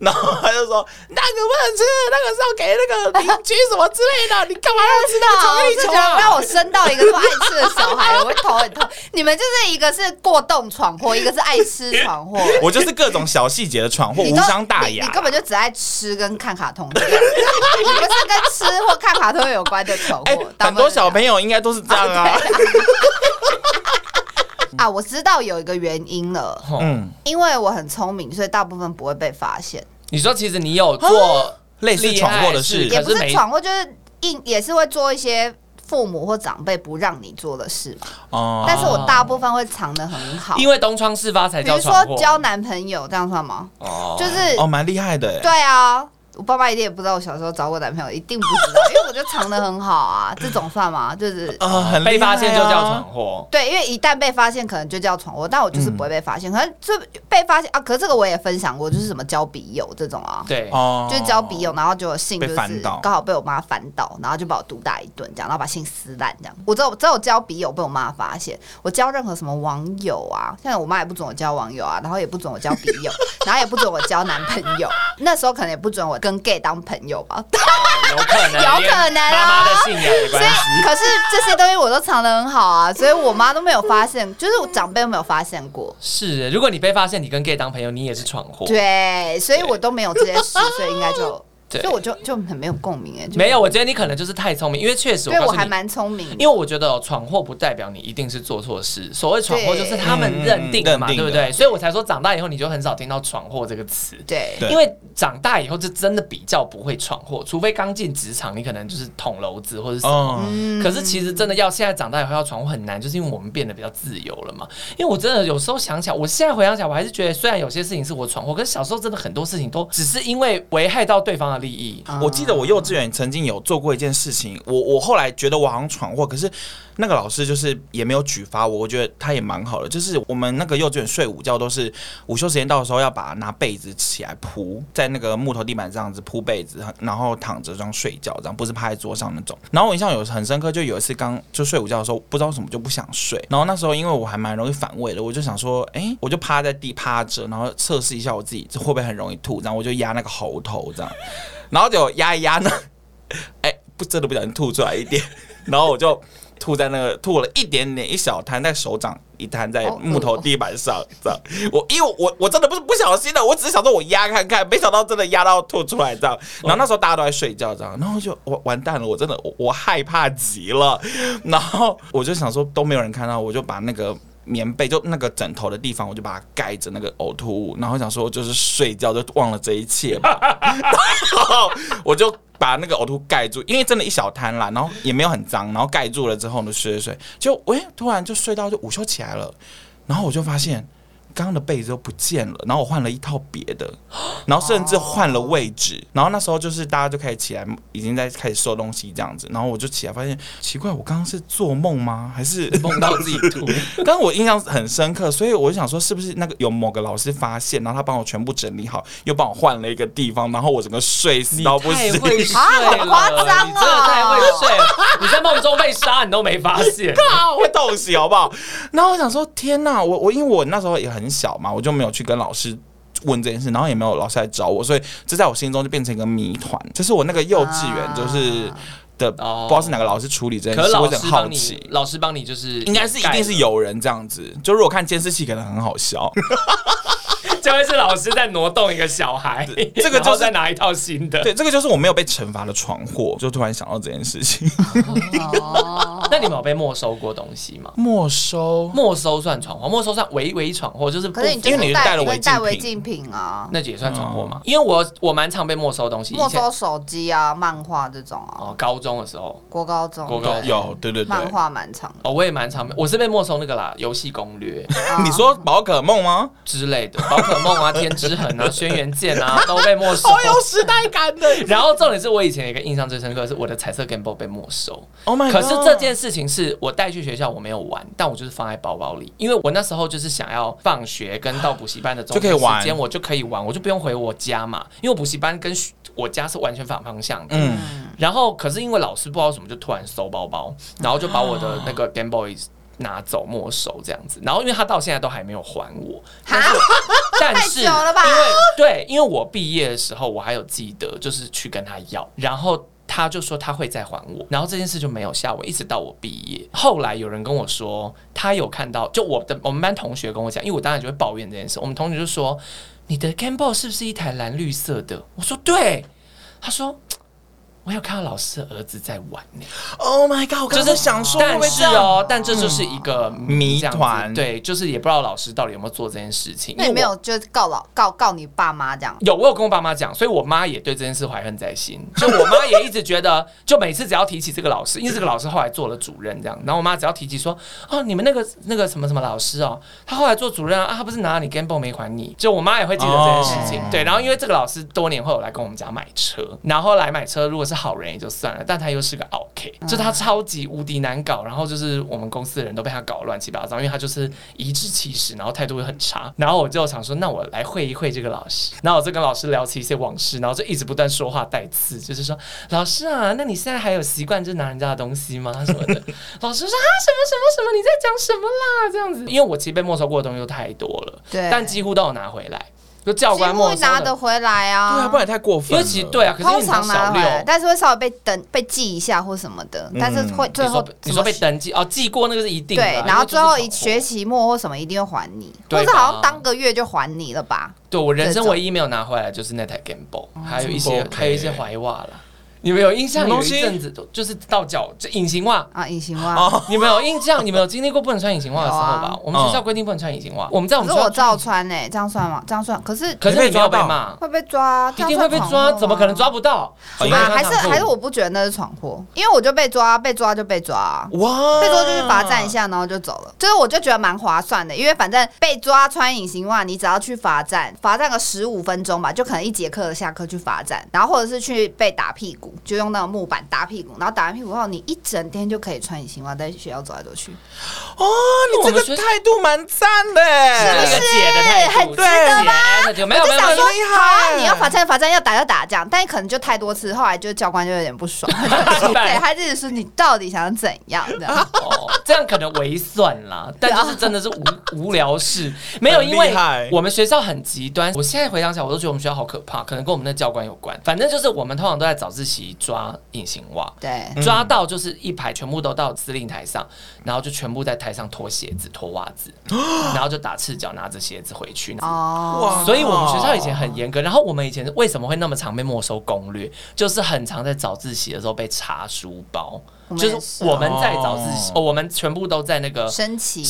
然後他就說那個不能吃，那個是要給那個鄰居什麼之類的，你幹嘛要吃到巧克力球？啊哦、我讓我生到一個愛吃的小孩，我頭很痛。 你們就是一個是過動闖禍，一個是愛吃闖禍。 我就是各種小細節的闖禍，無傷大雅你。你根本就只愛吃跟看卡通。 你們是跟吃或看卡通有關的闖禍、欸。很多小朋友。應該都是這樣啊、oh, 啊！ 啊，我知道有一個原因了。嗯，因為我很聰明、嗯、明，所以大部分不會被發現。你說，其實你有做類似闖禍的事、哦，也不是闖禍，就是應也是會做一些父母或長輩不讓你做的事嘛。哦，但是我大部分會藏得很好，因為東窗事發才叫。比如說交男朋友這樣算嗎？哦，就是哦，蠻厲害的。對啊。我爸爸一定也不知道我小時候找過男朋友，一定不知道，因為我覺得藏得很好啊， 這種算嗎？就是很、呃、被發現就叫闖禍、啊。對，因為一旦被發現，可能就叫闖禍。但我就是不會被發現。嗯、可是這被發現啊，可是這個我也分享過，就是什麼交筆友這種啊。對、嗯，就交、是、筆友，然後結果信，就是剛好被我媽翻到，然後就把我毒打一頓，這樣，然後把信撕爛，這樣。我只有只有交筆友被我媽發現。我交任何什麼網友啊，現在我媽也不准我交網友啊，然後也不准我交筆友， 然後也不准我交男朋友。那時候可能也不准我。跟 gay 當朋友吧，嗯，有可能， 有可能哦。所以，可是這些東西我都藏得很好啊，所以我媽都沒有發現，就是我長輩都沒有發現過。是，如果你被發現你跟 gay 當朋友，你也是闖禍。對，所以我都沒有這些事，所以應該就。對所以我就就很沒有共鳴哎，沒有，我覺得你可能就是太聰明，因為確實我，對，我還蠻聰明。因為我覺得闖禍不代表你一定是做錯事，所謂闖禍就是他們認定的嘛，對不對,對,對、嗯？所以我才說長大以後你就很少聽到闖禍這個詞，對，因為長大以後就真的比較不會闖禍，除非剛進職場，你可能就是捅婁子或者什麼、嗯。可是其實真的要現在長大以後要闖禍很難，就是因為我們變得比較自由了嘛。因為我真的有時候想起來，我現在回想起來，我還是覺得雖然有些事情是我闖禍，可是小時候真的很多事情都只是因為危害到對方啊。我記得我幼稚園曾經有做過一件事情，我我後來覺得我好像闖禍，可是。那個老師就是也沒有舉發我，我覺得他也蠻好的。就是我們那個幼稚園睡午覺都是午休時間到的時候，要把拿被子起來鋪在那個木頭地板這樣子鋪被子，然後躺着這樣睡覺，這樣不是趴在桌上那種。然後我印象有很深刻，就有一次剛就睡午覺的時候，不知道什麼就不想睡。然後那時候因為我還蠻容易反胃的，我就想說，哎、欸，我就趴在地趴着，然後測試一下我自己這會不會很容易吐，然後我就壓那個喉頭這樣，然後就壓一壓呢，哎、欸，不真的不小心吐出來一點。 然後我就吐在那個吐了一點點一小攤在手掌一攤在木頭地板上，Oh, oh. 這樣。我因為我我真的不是不小心的，我只是想說我壓看看，沒想到真的壓到吐出來，這樣。然後那時候大家都在睡覺，這樣。然後就完完蛋了，我真的我，我害怕極了。然後我就想說都沒有人看到，我就把那個。棉被，就那個枕頭的地方，我就把它蓋着那個嘔吐物，然後想說我就是睡覺就忘了這一切吧， 然後我就把那個嘔吐蓋住，因為真的一小灘啦，然後也沒有很髒，然後蓋住了之後呢，睡睡睡，就喂、欸、突然，就睡到就午休起來了，然後我就發現。剛剛的被子都不見了，然後我換了一套別的，然後甚至換了位置，啊，然後那時候就是大家就開始起來，已經在開始收東西這樣子，然後我就起來發現奇怪，我剛剛是做夢嗎？還是夢到自己圖？ 剛我印象很深刻，所以我就想說是不是那個有某個老師發現，然後他幫我全部整理好，又幫我換了一個地方，然後我整個睡死，死，然後不是睡，你太會睡了，你真的太會睡， 你在夢中被殺你都沒發現，會動醒好不好？然後我想說天吶，我我因為我那時候也很。很小嘛，我就沒有去跟老師問這件事，然後也沒有老師來找我，所以這在我心中就變成一個謎團。就是我那個幼稚園就是的、啊，不知道是哪個老師處理這件事，我很好奇。老師幫你就是，應該是一定是有人這樣子。就如果看監視器，可能很好笑。 就會是老師在挪動一個小孩，這個就在、是、拿一套新的。對，這個就是我沒有被懲罰的闖禍，就突然想到這件事情。Uh -oh. 那你們有被沒收過東西嗎？沒收沒收算闖禍，沒收算違違闖禍，就是，可是，你就是帶。因為你是帶了違禁、禁品啊，那就也算闖禍嗎？Uh -oh. 因為我我蠻常被沒收東西，沒收手機啊、漫畫這種、啊、哦，高中的時候，國高中國高有對對對，漫畫蠻常哦，我也蠻常，我是被沒收那個啦，遊戲攻略。你說寶可夢嗎？之類的寶可。夢啊，天之痕啊，軒轅劍啊，都被沒收。 好有時代感的。 然後重點是我以前一個印象最深刻，是我的彩色 Game Boy 被沒收。Oh my God。可是這件事情是我帶去學校，我沒有玩，但我就是放在包包裡，因為我那時候就是想要放學跟到補習班的中間時間， 我就可以玩，我就不用回我家嘛，因為補習班跟我家是完全反方向的。 然後，可是因為老師不知道什麼，就突然收包包，然後就把我的那個 Game Boy。拿走沒收這樣子，然後因為他到現在都還沒有還我，但是，但是因為太久了吧？對，因為我畢業的時候我還有記得就是去跟他要，然後他就說他會再還我，然後這件事就沒有下文，我一直到我畢業。後來有人跟我說他有看到，就我的我們班同學跟我講，因為我當然就會抱怨這件事，我們同學就說，你的 Campbell 是不是一台藍綠色的？我說對，他說。我有看到老師的兒子在玩呢。Oh my god！真的想說會會，但是哦、喔，但這就是一個謎團，對，就是也不知道老師到底有沒有做這件事情。那沒有就告老告告你爸媽這樣？有，我有跟我爸媽講，所以我媽也對這件事懷恨在心，所以我媽也一直覺得， 就每次只要提起這個老師，因為這個老師後來做了主任，這樣，然後我媽只要提起說，哦，你們那個那個什麼什麼老師哦，他後來做主任啊，他、啊、不是拿了你 Game Boy 沒還你？就我媽也會記得這件事情。Oh. 對，然後因為這個老師多年後來跟我們家買車，然後來買車，如果是好人也就算了，但他又是個 OK，、嗯、就他超級無敵難搞。然後就是我們公司的人都被他搞得亂七八糟，因為他就是頤指氣使，然後態度又很差。然後我就想說，那我來會一會這個老師。然後我就跟老師聊起一些往事，然後就一直不斷說話帶刺，就是說老師啊，那你現在還有習慣就拿人家的東西嗎？什麼的？ 老師說啊，什麼什麼什麼，你在講什麼啦？這樣子，因為我其實被沒收過的東西太多了，對，但幾乎都有拿回來。就教官不會拿得回來啊，對啊，不然太過分。因為其實啊，通常拿回來，但是會稍微被登被記一下或什麼的，嗯、但是會最後你說，什麼你說被登記哦，記過那個是一定、啊、對，然後最後一學期末或什麼一定會還你，或者好像當個月就還你了吧，對吧？對，我人生唯一沒有拿回來就是那台 Game Boy、oh, y 還有一些還有、okay. 一些懷襪了。你們有印象有一陣子就是到腳就隱形襪啊，隱形襪，你們有印象？ 你們有經歷過不能穿隱形襪的時候吧？啊、我們學校規定不能穿隱形襪。嗯，我們這樣，可是我照穿呢。欸，這樣算嗎？這樣算？可是可是你不要被罵，會被抓，一定會被抓，怎麼可能抓不到？什麼？啊？還是還是我不覺得那是闖禍，因為我就被抓，被抓就被抓。啊，哇，被抓就是罰站一下，然後就走了，就是我就覺得蠻划算的，因為反正被抓穿隱形襪，你只要去罰站，罰站個十五分鐘吧，就可能一節課的下課去罰站，然後或者是去被打屁股。就用那個木板打屁股，然後打完屁股後，你一整天就可以穿隱形襪在學校走來走去。哦，你這個態度蠻讚的，是，不是，很值得的，的，嗎解的解。沒有，沒有，你好，你要罰站，罰站要打要打這樣，但可能就太多次，後來就教官就有點不爽。 對，他意思說你到底想要怎樣？ 這樣，oh, 這樣可能為算啦， 但就是真的是無 無聊事。沒、嗯、有，因為我們學校很極端。我現在回想起來，我都覺得我們學校好可怕，可能跟我們的教官有關。反正就是我們通常都在早自習，抓隱形襪，對，抓到就是一排全部都到司令台上，嗯、然後就全部在台上脫鞋子、脫襪子，然後就打赤腳拿着鞋子回去那。哦、oh, wow.，所以我們學校以前很嚴格，然後我們以前為什麼會那麼常被沒收攻略，就是很常在早自習的時候被查書包。是就是我們在找自習，我們全部都在那個升旗、啊、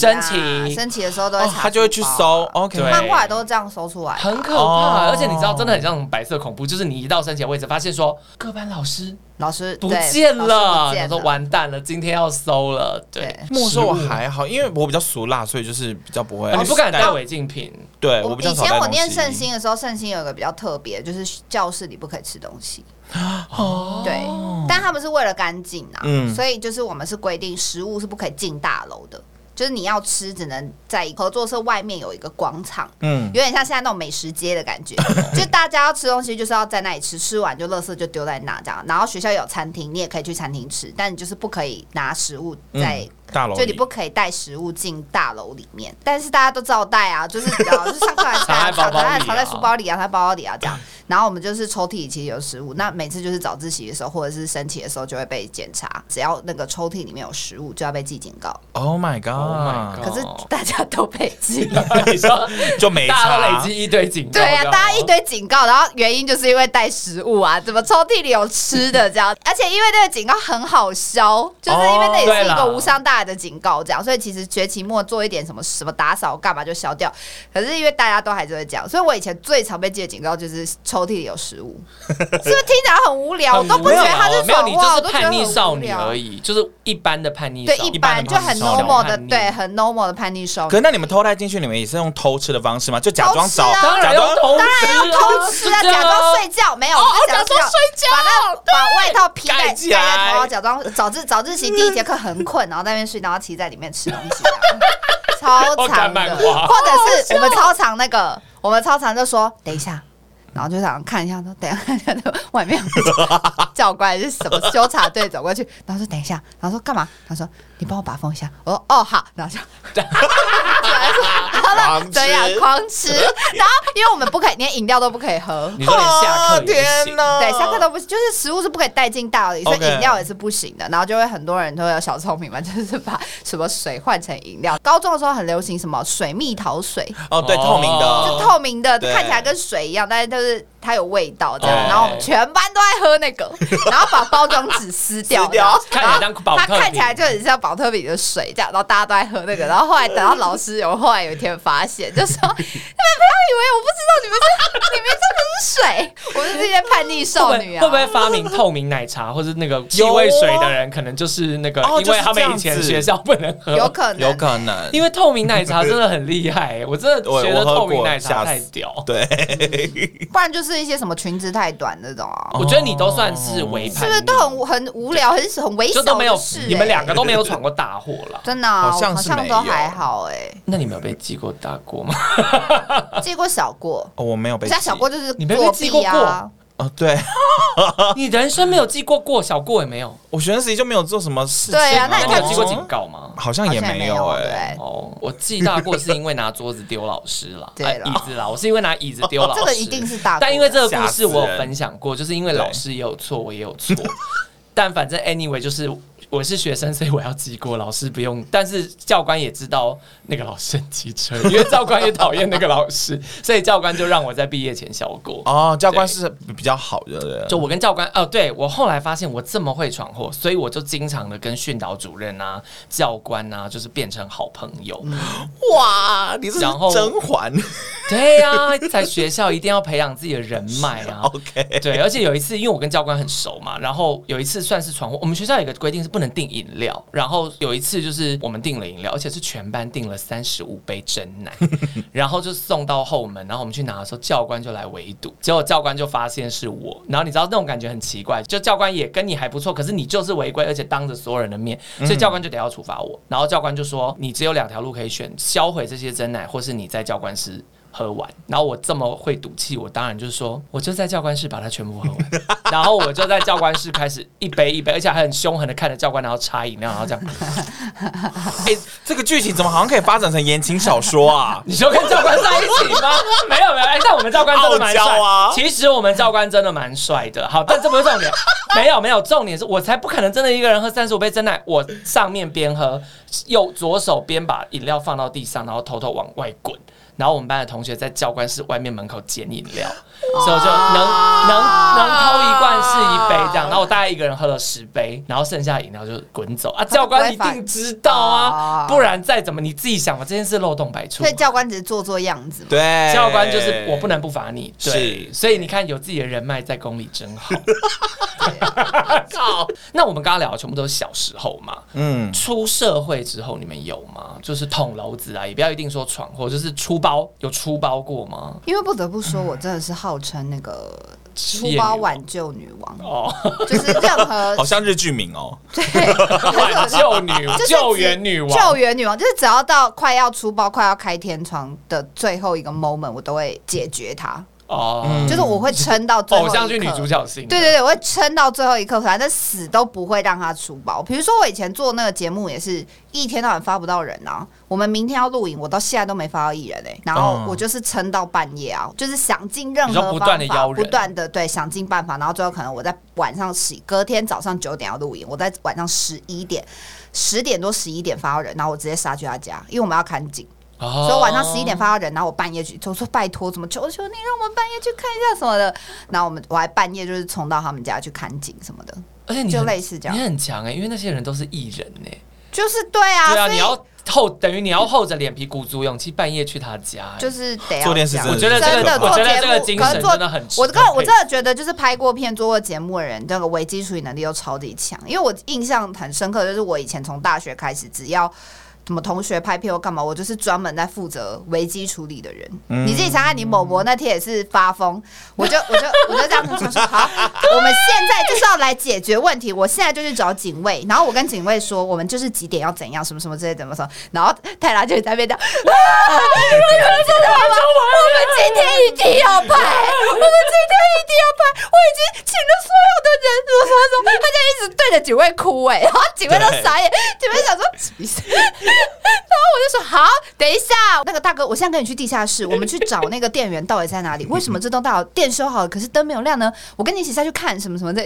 升旗的時候都在查、啊哦，他就會去搜。OK，漫畫也都是這樣搜出來、啊，很可怕、哦。而且你知道，真的很像白色恐怖，就是你一到升旗的位置，發現說各班老師老師，老師不見了，老師說，完蛋了，今天要搜了。對，沒收我還好，因為我比較俗辣，所以就是比較不會、啊，你不敢帶違禁品。對我以前我念聖心的時候，聖心有一個比較特別，就是教室裡不可以吃東西。哦，對。但他們是為了乾淨吶，所以就是我們是規定，食物是不可以進大樓的。就是你要吃，只能在合作社外面有一個廣場、嗯，有點像現在那種美食街的感覺。 就大家要吃東西，就是要在那裡吃，吃完就垃圾就丟在那這樣。然後學校有餐廳，你也可以去餐廳吃，但你就是不可以拿食物在。大樓，就你不可以帶食物進大樓裡面， 但是大家都知道帶啊，就是老師上課 還藏藏在書包，包裡啊，他包包裡啊這樣。然後我們就是抽屜其實有食物，那每次就是早自習的時候或者是升旗的時候就會被檢查，只要那個抽屜裡面有食物就要被記警告。Oh my god！可是大家都被記， 你說就沒次樓累積一堆警告，對呀、啊，大家一堆警告，然後原因就是因為帶食物啊，怎麼抽屜裡有吃的這樣？ 而且因為那個警告很好消，就是因為那也是一個無傷大。Oh, 的警告這樣，所以其實學期末做一點什麼什麼打掃幹嘛就消掉。可是因為大家都還是會講，所以我以前最常被記的警告就是抽屜裡有食物， 是不是？聽起來很無，很無聊，我都不覺得他是闖禍，就是叛逆少女而已，就是一般的叛逆少，對，一般，一般就很 normal 的，對，很 normal 的叛逆少女。可是那你們偷帶進去，你們也是用偷吃的方式嗎？就假裝早、啊、假裝當、啊、當然要偷吃啊，假裝睡覺、啊啊、睡覺沒有，哦、假裝睡覺，把外套披在，然後假裝早自早自習第一節課很困、嗯，然後在那邊。然後騎在裡面吃東西， 超慘的，或者是我們操場那個，好好我們操場就說等一下，然後就想看一下說，說等一下，等一下，等一下外面教官是什麼糾察隊走過去，然後說等一下，然後說幹嘛？他說。你幫我把風一下，哦哦好，然拿下。好 了， 對呀，狂吃。然後因為我們不可以，連飲料都不可以喝。哦、啊、天吶，對，下課都不行，就是食物是不可以帶進大禮，okay. 所以飲料也是不行的。然後就會很多人都有小聰明嘛，就是把什麼水換成飲料。高中的時候很流行什麼水蜜桃水哦，對，透明的，oh, 就透明的看起來跟水一樣，但是就是。它有味道，這樣，oh. 然後全班都愛喝那個，然後把包裝紙撕掉， 撕掉然後看然後它看起來就很像寶特瓶的水，這樣，然後大家都在喝那個，然後後來等到老師有 後來有一天發現，就說你們不要以為我不知道你們， 你們這裡面裝的是水，我是這些叛逆少女啊！會不會發明透明奶茶或者那個氣味水的人、啊，可能就是那個，哦、因為他們以前學校不能喝，有可能，有可能，因為透明奶茶真的很厲害， 我真的覺得透明奶茶太屌，對，不然就是。是一些什麼裙子太短那種啊？哦、我覺得你都算是微，是不是都很很無聊，很很危險，沒有。是是欸、你們兩個都沒有闖過大禍啦， 真的、啊、好像好像都還好哎、欸。那你沒有被記過大過嗎？ 記過小過哦，我沒有被記。記小過就是、啊、你被記過，過。哦、oh,，對， 你人生沒有記過過小過也沒有， 我學生時期就沒有做什麼事情、啊，對呀、啊，那你有記過警告嗎？Oh, 好像也沒有哎、欸。哦、欸，oh, 我記大過是因為拿桌子丟老師了、 呃，對啦椅子了，我是因為拿椅子丟老師， oh, 這個一定是大。但因為這個故事我有分享過，就是因為老師也有錯，我也有錯， 但反正 anyway 就是。我是學生，所以我要記過，老師不用。但是教官也知道那個老師機車， 因為教官也討厭那個老師，所以教官就讓我在畢業前銷過。哦，教官是比較好的。就我跟教官哦，對，我後來發現我這麼會闖禍，所以我就經常的跟訓導主任啊、教官啊，就是變成好朋友。哇，你是甄嬛？對呀、啊，在學校一定要培養自己的人脈啊。OK，對。而且有一次，因為我跟教官很熟嘛，然後有一次算是闖禍。我們學校有一個規定是不能。訂飲料，然後有一次就是我們訂了飲料，而且是全班訂了三十五杯珍奶， 然後就送到後門，然後我們去拿的時候，教官就來圍堵，結果教官就發現是我，然後你知道那種感覺很奇怪，就教官也跟你還不錯，可是你就是違規，而且當着所有人的面，所以教官就得要處罰我，然後教官就說，你只有兩條路可以選，銷毀這些珍奶，或是你在教官室。喝完，然後我這麼會賭氣，我當然就是說，我就在教官室把它全部喝完， 然後我就在教官室開始一杯一杯，而且還很凶狠的看着教官，然後插飲料，然後這樣，哎 這個劇情怎麼好像可以發展成言情小說啊？你說跟教官在一起嗎？沒 有沒有，哎，像我們教官真的蠻帥啊。其實我們教官真的蠻帥的。好，但這不是重點。 沒有沒有，重點是我才不可能真的一個人喝三十五杯珍奶。我上面邊喝，又左手邊把飲料放到地上，然後偷偷往外滾。然後我們班的同學在教官室外面門口撿飲料，所以就能能能偷一罐是一杯這樣。然後我大概一個人喝了十杯，然後剩下的飲料就滾走啊！教官一定知道啊，哦、不然再怎麼你自己想吧，這件事漏洞百出。所以教官只是做做樣子，對，教官就是我不能不罰你，對是。所以你看，有自己的人脈在宮裡真好。好 對， 那我們剛剛聊的全部都是小時候嘛，嗯，出社會之後你們有嗎？就是捅婁子啊，也不要一定說闖禍，就是出。包有出包過嗎？因為不得不說，我真的是號稱那個出包挽救女王哦，就是任何 好像日劇名哦，對，挽救女救援女王，救援女王就是只要到快要出包、快要開天窗的最後一個 moment，我都會解決它。哦、oh,，就是我會撐到偶像劇女主角心，對對對，我會撐到最後一刻，反正死都不會讓她出包。比如說我以前做那個節目，也是一天到晚發不到人啊。我們明天要錄影，我到現在都沒發到藝人哎、欸。然後我就是撐到半夜啊，就是想盡任何方法，你說不斷的,不斷的對想盡辦法。然後最後可能我在晚上十，隔天早上九點要錄影，我在晚上十一點、十點多、十一點發到人，然後我直接殺去他家，因為我們要看緊。Oh. 所以晚上十一點發到人，然後我半夜去，就說拜託，怎麼求求你，讓我們半夜去看一下什麼的。然後我們我還半夜就是衝到他們家去看景什麼的。而且你就類似這樣，你很強哎、欸，因為那些人都是藝人哎、欸，就是對啊，對啊，所以你，要你要厚，等於你要厚着臉皮，鼓足勇氣半夜去他家、欸，就是得要。做電視真我覺得、這個、真的做節目可是做真的很，我這個我真的覺得就是拍過片、做過節目的人，這個危機處理能力都超級強。因為我印象很深刻，就是我以前從大學開始，只要。什麼同學拍片我幹嘛？我就是專門在負責危機處理的人。嗯、你自己想想，你某博那天也是發瘋，我就我就 我就這樣子說。好，我們現在就是要來解決問題，我現在就去找警衛，然後我跟警衛說，我們就是幾點要怎樣，什麼什麼之類，怎麼說？然後泰拉就在那邊，啊！啊啊今天一定要拍！我說今天一定要拍！我已經請了所有的人，什麼什麼，他就一直對着警衛，哭哎、欸，然後警衛都傻眼，警衛想說， 然後我就說好，等一下，那個大哥，我現在跟你去地下室，我們去找那個電源到底在哪裡？為什麼這棟大樓電修好了，可是燈沒有亮呢？我跟你一起下去看，什麼什麼的，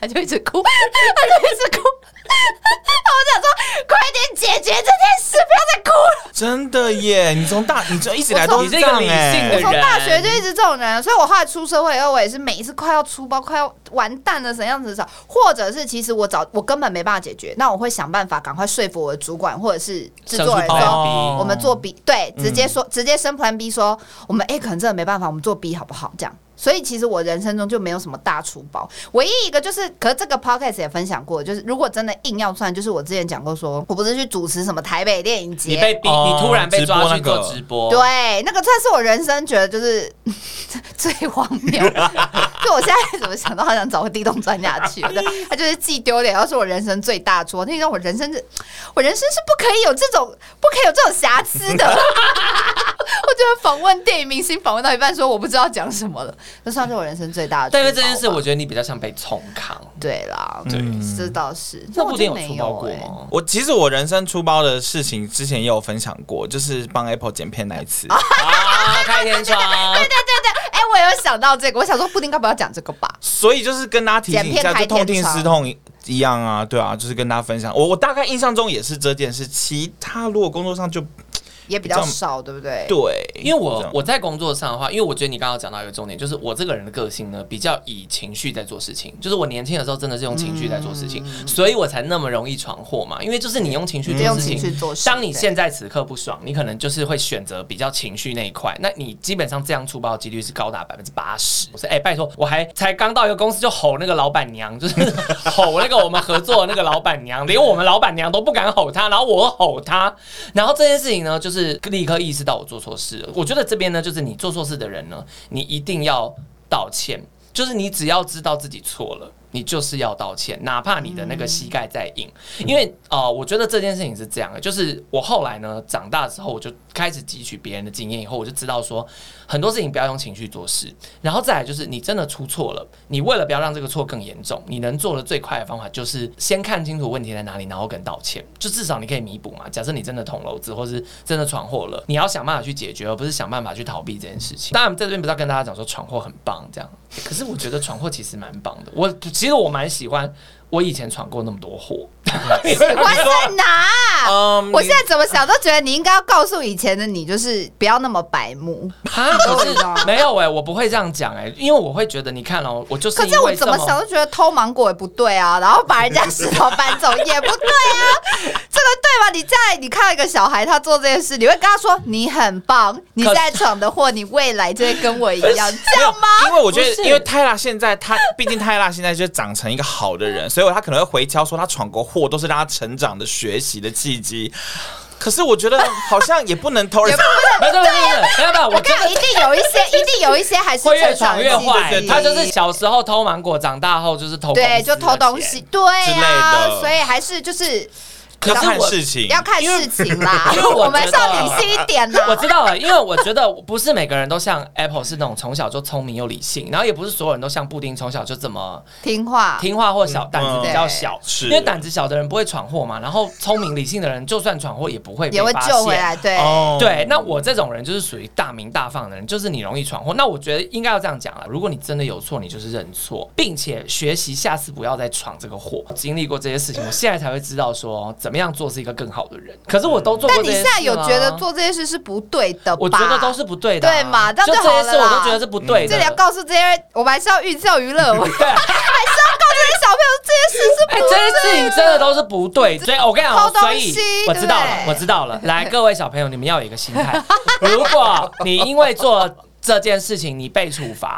他就一直哭，他就一直哭。 我想說，快點解決這件事，不要再哭了。真的耶！你從大，你就一直以來都是這樣哎、欸。我從大學就一直這種人，所以我後來出社會以後，我也是每一次快要出包、快要完蛋了，怎樣子找？或者是其實我找我根本沒辦法解決，那我會想辦法趕快說服我的主管或者是制作人說，我們做 B 對，直接說直接升 Plan B 說、嗯，我們 A、欸、可能真的沒辦法，我們做 B 好不好？這樣。所以其實我人生中就沒有什麼大廚包，唯一一個就是，可是，這個 podcast 也分享過，就是如果真的硬要算，就是我之前講過說，說我不是去主持什麼台北電影節，你被逼，哦，你突然被抓去做直播，那個，對，那個算是我人生覺得就是最荒謬 就我現在怎麼想到，好想找個地洞鑽下去，他、 啊，就是既丟臉，又是我人生最大錯。那讓我人生是，我人生是不可以有這種，不可以有這種瑕疵的。 我覺得訪問電影明星訪問到一半，說我不知道講什麼了，這算是我人生最大的。因為這件事，我覺得你比較像被衝康。對啦，對，這、嗯、倒是。那布丁有，有出包過嗎？我其實我人生出包的事情之前也有分享過，就是幫 Apple 剪片那一次。啊、 開天窗，對對對對，哎、欸，我有想到這個，我想說布丁該不要講這個吧？所以就是跟大家提醒一下，就痛定思痛一樣啊，對啊，就是跟大家分享。我我大概印象中也是這件事，其他如果工作上就。也比較少，對不對？對，因為我我在工作上的話，因為我覺得你剛剛講到一個重點，就是我這個人的個性呢，比較以情緒在做事情。就是我年輕的時候，真的是用情緒在做事情、嗯，所以我才那麼容易闖禍嘛。因為就是你用情緒做事情、嗯，當你現在此刻不爽，你可能就是會選擇比較情緒那一塊。那你基本上這樣出包幾率是高達百分之八十。我說，哎、欸，拜託，我還才剛到一個公司就吼那個老闆娘， 就是吼那個我們合作的那個老闆娘， 連我們老闆娘都不敢吼他，然後我吼他，然後這件事情呢，就是。是立刻意識到我做錯事了，我覺得這邊呢，就是你做錯事的人呢，你一定要道歉，就是你只要知道自己錯了。你就是要道歉，哪怕你的那個膝蓋再硬，因為哦、呃，我覺得這件事情是這樣的，就是我後來呢長大之後，我就開始汲取別人的經驗，以後我就知道說很多事情不要用情緒做事，然後再來就是你真的出錯了，你為了不要讓這個錯更嚴重，你能做的最快的方法就是先看清楚問題在哪裡，然後跟道歉，就至少你可以彌補嘛。假設你真的捅婁子或是真的闖禍了，你要想辦法去解決，而不是想辦法去逃避這件事情。當然在這邊不要跟大家講說闖禍很棒這樣，可是我覺得闖禍其實蠻棒的，我。其實我蠻喜歡，我以前闖過那麼多禍。 喜歡在哪啊？Um, 我現在怎麼想都覺得你應該要告訴以前的你，就是不要那麼白目。可是沒有哎，我不會這樣講哎，因為我會覺得，你看喔，我就是。可是我怎麼想都覺得偷芒果也不對啊，然後把人家石頭搬走也不對啊。 對吧，你在你看一個小孩，他做這件事，你會跟他說，你很棒。你在闖的禍，你未來就會跟我一樣，這樣嗎？因為我覺得，因為泰拉現在他畢竟泰拉現在就長成一個好的人，所以他可能會回敲說他闖，他闖過禍都是讓他成長的學習的契機。可是我覺得好像也不能偷人， 對、啊、不對、啊？沒有沒有，我跟你說一定有一些， 一定有一些還是會越闖越壞。他就是小時候偷芒果，長大後就是偷對，就偷東西，對啊。對啊之類的，所以還是就是。可是我要看事情，要看事情啦。 因為我們是要理性一點的、啊，我知道了。因為我覺得不是每個人都像 Apple 是那種從小就聰明又理性， 然後也不是所有人都像布丁，從小就這麼聽話、聽話或小、嗯、膽子比較小、嗯。因為膽子小的人不會闖禍嘛。然後聰明理性的人，就算闖禍也不會發現，也會救回來。對對，那我這種人就是屬於大鳴大放的人，就是你容易闖禍。那我覺得應該要這樣講了。如果你真的有錯，你就是認錯，並且學習下次不要再闖這個禍。經歷過這些事情，我現在才會知道說。怎麼樣做是一個更好的人？可是我都做過、啊。但你現在有覺得做這件事是不對的？我覺得都是不對的、啊，對嘛？但這些事我都覺得是不對的。這、嗯、裡要告訴這些，我們還是要寓教於樂，還是要告訴這些小朋友， 這些事是不對的。這些事情真的都是不對。所以我跟你講，偷東西，我知道了，我知道了。來，各位小朋友，你們要有一個心態。 如果你因為做這件事情，你被處罰。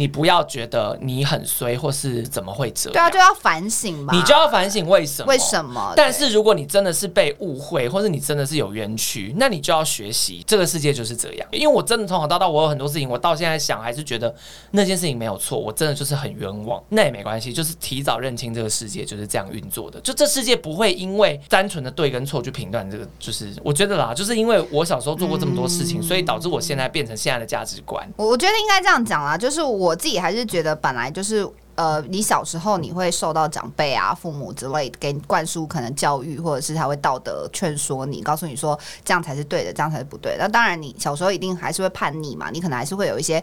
你不要覺得你很衰，或是怎麼會這樣？對啊，就要反省嘛。你就要反省為什麼？為什麼？但是如果你真的是被誤會，或是你真的是有冤屈，那你就要學習。這個世界就是這樣，因為我真的從小到大，我有很多事情，我到現在想還是覺得那件事情沒有錯，我真的就是很冤枉。那也沒關係，就是提早認清這個世界就是這樣運作的。就這世界不會因為單純的對跟錯去評斷這個。就是我覺得啦，就是因為我小時候做過這麼多事情，嗯、所以導致我現在變成現在的價值觀。我我覺得應該這樣講啦、啊，就是我。我自己還是覺得，本來就是呃，你小時候你會受到長輩啊、父母之類給你灌輸可能教育，或者是他會道德勸說你，告訴你說這樣才是對的，這樣才是不對的。那當然，你小時候一定還是會叛逆嘛，你可能還是會有一些。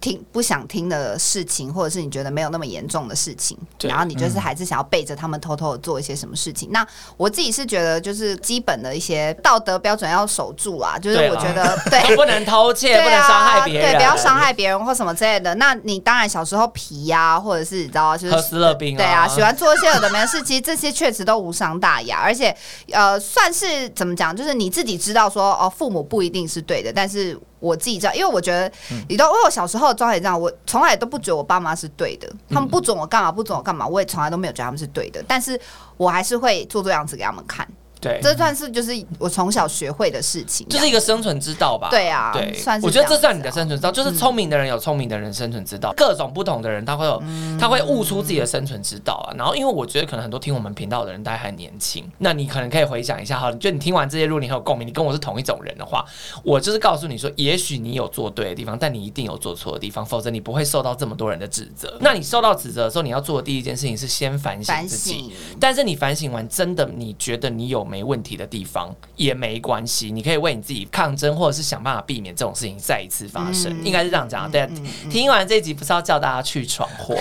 聽不想聽的事情，或者是你覺得沒有那麼嚴重的事情，然後你就是還是想要背着他們偷偷的做一些什麼事情。嗯、那我自己是覺得，就是基本的一些道德標準要守住啊，就是我覺得對、啊、對， 不能偷竊對、啊，不能傷害別人，對，不要傷害別人或什麼之類的。 那你當然小時候皮啊，或者是你知道、啊，就是吃了冰，對啊，喜歡做一些有的沒事，其實這些確實都無傷大雅，而且呃，算是怎麼講，就是你自己知道說哦，父母不一定是對的，但是。我自己知道，因為我覺得，你、嗯、都我小時候的狀態這樣，我從來都不覺得我爸媽是對的、嗯，他們不准我幹嘛，不准我幹嘛，我也從來都沒有覺得他們是對的，但是我還是會做做樣子給他們看。對，這算是就是我從小學會的事情這樣子，就是一個生存之道吧。對啊，對，我覺得這算你的生存之道。嗯、就是聰明的人有聰明的人生存之道，各種不同的人他會有，嗯、他會悟出自己的生存之道啊。然後，因為我覺得可能很多聽我們頻道的人大家還年輕，那你可能可以回想一下哈。就你聽完這些，如果你很有共鳴，你跟我是同一種人的話，我就是告訴你說，也許你有做對的地方，但你一定有做錯的地方，否則你不會受到這麼多人的指責。那你受到指責的時候，你要做的第一件事情是先反省自己。但是你反省完，真的你覺得你有。沒問題的地方也沒關係，你可以為你自己抗爭，或者是想辦法避免這種事情再一次發生，嗯、應該是這樣講。對、啊嗯嗯，聽完這一集不是要叫大家去闖禍，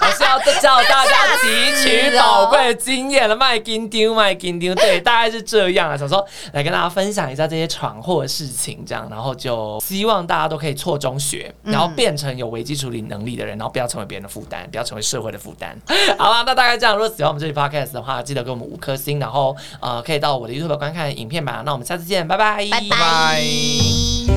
而 是要叫大家汲取寶貴經驗了。麥金丟，麥金丟，對，大概是這樣啊、嗯。想說來跟大家分享一下這些闖禍的事情，這樣，然後就希望大家都可以錯中學，然後變成有危機處理能力的人，然後不要成為別人的負擔，不要成為社會的負擔。好了、啊，那大概這樣。如果喜歡我們這集 Podcast 的話，記得給我們五顆星，然後呃。可以到我的 YouTube 觀看影片吧。那我們下次見，拜拜，拜拜。